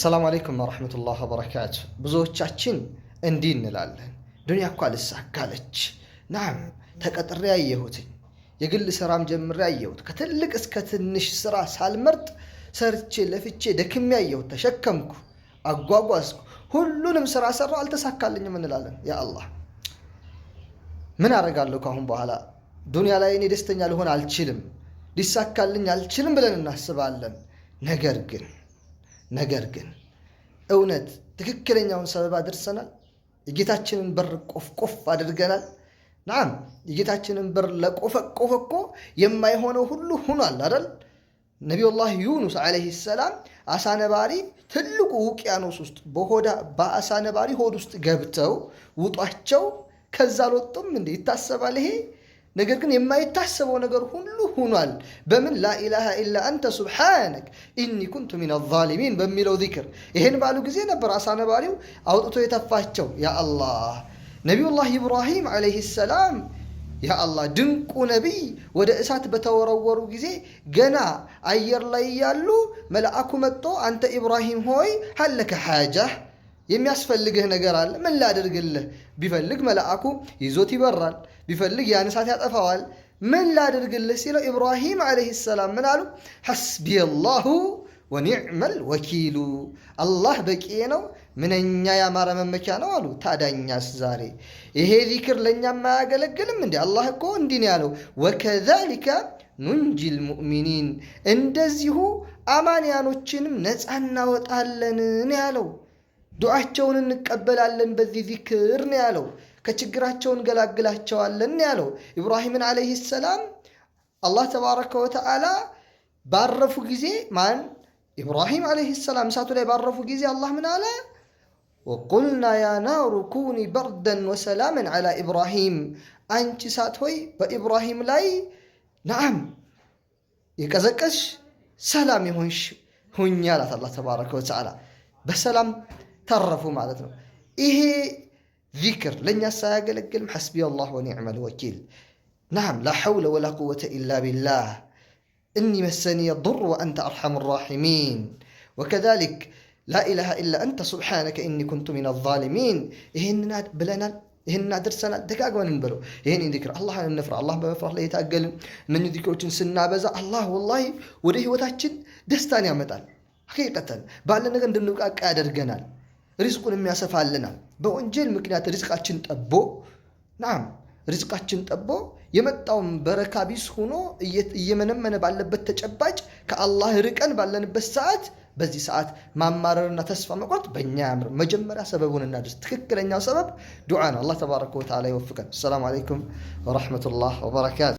ሰላም አለይኩም ወረሕመቱላህ ወበረካቱ። ብዙዎቻችን እንዲህ እንላለን፣ ዱንያ እኳ ልሳካለች። ናም ተቀጥሬ አየሁትኝ፣ የግል ስራም ጀምሬ አየሁት። ከትልቅ እስከ ትንሽ ስራ ሳልመርጥ ሰርቼ ለፍቼ ደክሜ አየሁት፣ ተሸከምኩ፣ አጓጓዝኩ፣ ሁሉንም ስራ ሰራ አልተሳካልኝም እንላለን። ያ አላህ ምን አደርጋለሁ ከአሁን በኋላ ዱንያ ላይ እኔ ደስተኛ ልሆን አልችልም፣ ሊሳካልኝ አልችልም ብለን እናስባለን። ነገር ግን ነገር ግን እውነት ትክክለኛውን ሰበብ አድርሰናል። የጌታችንን በር ቆፍቆፍ አድርገናል። ናም የጌታችንን በር ለቆፈቆፈ እኮ የማይሆነው ሁሉ ሁኗል አይደል? ነቢዩላህ ዩኑስ ዓለይሂ ሰላም አሳ ነባሪ ትልቁ ውቅያኖስ ውስጥ በሆዳ በአሳ ነባሪ ሆድ ውስጥ ገብተው ውጧቸው ከዛ አልወጡም እንዴ? ይታሰባል ይሄ ነገር ግን የማይታሰበው ነገር ሁሉ ሁኗል። በምን ላኢላሃ ኢላ አንተ ሱብሓነክ ኢኒ ኩንቱ ሚነ ዛሊሚን በሚለው ዚክር ይሄን ባሉ ጊዜ ነበር አሳ ነባሪው አውጥቶ የተፋቸው። ያ አላህ ነቢዩላህ ኢብራሂም ዓለይሂ ሰላም ያ አላህ ድንቁ ነቢይ ወደ እሳት በተወረወሩ ጊዜ ገና አየር ላይ ያሉ መልአኩ መጥቶ አንተ ኢብራሂም ሆይ ሀለከ ሓጃ የሚያስፈልግህ ነገር አለ ምን ላድርግልህ ቢፈልግ መልአኩ ይዞት ይበራል። ቢፈልግ ያን እሳት ያጠፋዋል። ምን ላድርግልህ ሲለው ኢብራሂም ዓለይሂ ሰላም ምን አሉ? ሐስቢ አላሁ ወኒዕመል ወኪሉ አላህ በቂ ነው፣ ምንኛ ያማረ መመኪያ ነው አሉ። ታዳኛስ ዛሬ ይሄ ዚክር ለእኛም አያገለግልም እንዴ? አላህ እኮ እንዲህ ያለው፣ ወከዛሊከ ኑንጂል ሙእሚኒን እንደዚሁ አማንያኖችንም ነፃ እናወጣለን ነው ያለው። ዱዓቸውን እንቀበላለን በዚህ ዚክር ነው ያለው። ከችግራቸው እንገላግላቸዋለን ያለው ኢብራሂምን ዓለይህ ሰላም አላህ ተባረከ ወተዓላ ባረፉ ጊዜ ማን ኢብራሂም ዓለይህ ሰላም እሳቱ ላይ ባረፉ ጊዜ አላህ ምን አለ? ወቁልና ያ ናሩ ኩኒ በርደን ወሰላምን ዓላ ኢብራሂም፣ አንቺ እሳት ሆይ በኢብራሂም ላይ ነዓም የቀዘቀዝሽ ሰላም የሆንሽ ሁኛ አላት። አላህ ተባረከ ወተዓላ በሰላም ተረፉ ማለት ነው ይሄ ዚክር ለእኛስ ሳያገለግልም ሐስቢ አላህ ወኒዕመል ወኪል። ናም ላ ሐውለ ወላ ቁወተ ኢላ ቢላህ እኒ መሰኒየ ዱር ወአንተ አርሐሙ ራሒሚን ወከዛሊክ ላኢላሃ ኢላ አንተ ሱብሓነከ እኒ ኩንቱ ሚነ ዛሊሚን። ይህንን ብለናል፣ ይህንን አድርሰናል። ደጋግመን እንበለው ይህን ዚክር። አላህን እንፍራ። አላህ በመፍራት ላይ የታገልን እነ ዚክሮችን ስናበዛ አላህ ወላሂ ወደ ህይወታችን ደስታን ያመጣል። ሐቂቀተን ባለ ነገር እንድንብቃቃ ያደርገናል። ሪዝቁንም ያሰፋልናል። በወንጀል ምክንያት ሪዝቃችን ጠቦ ናም ሪዝቃችን ጠቦ የመጣውን በረካ ቢስ ሆኖ እየመነመነ ባለበት ተጨባጭ ከአላህ ርቀን ባለንበት ሰዓት በዚህ ሰዓት ማማረርና ተስፋ መቁረጥ በእኛ ያምር። መጀመሪያ ሰበቡን እናድርስ። ትክክለኛው ሰበብ ዱዓ ነው። አላህ ተባረከ ወተዓላ ይወፍቀን። አሰላሙ አለይኩም ወረሕመቱላህ ወበረካቱ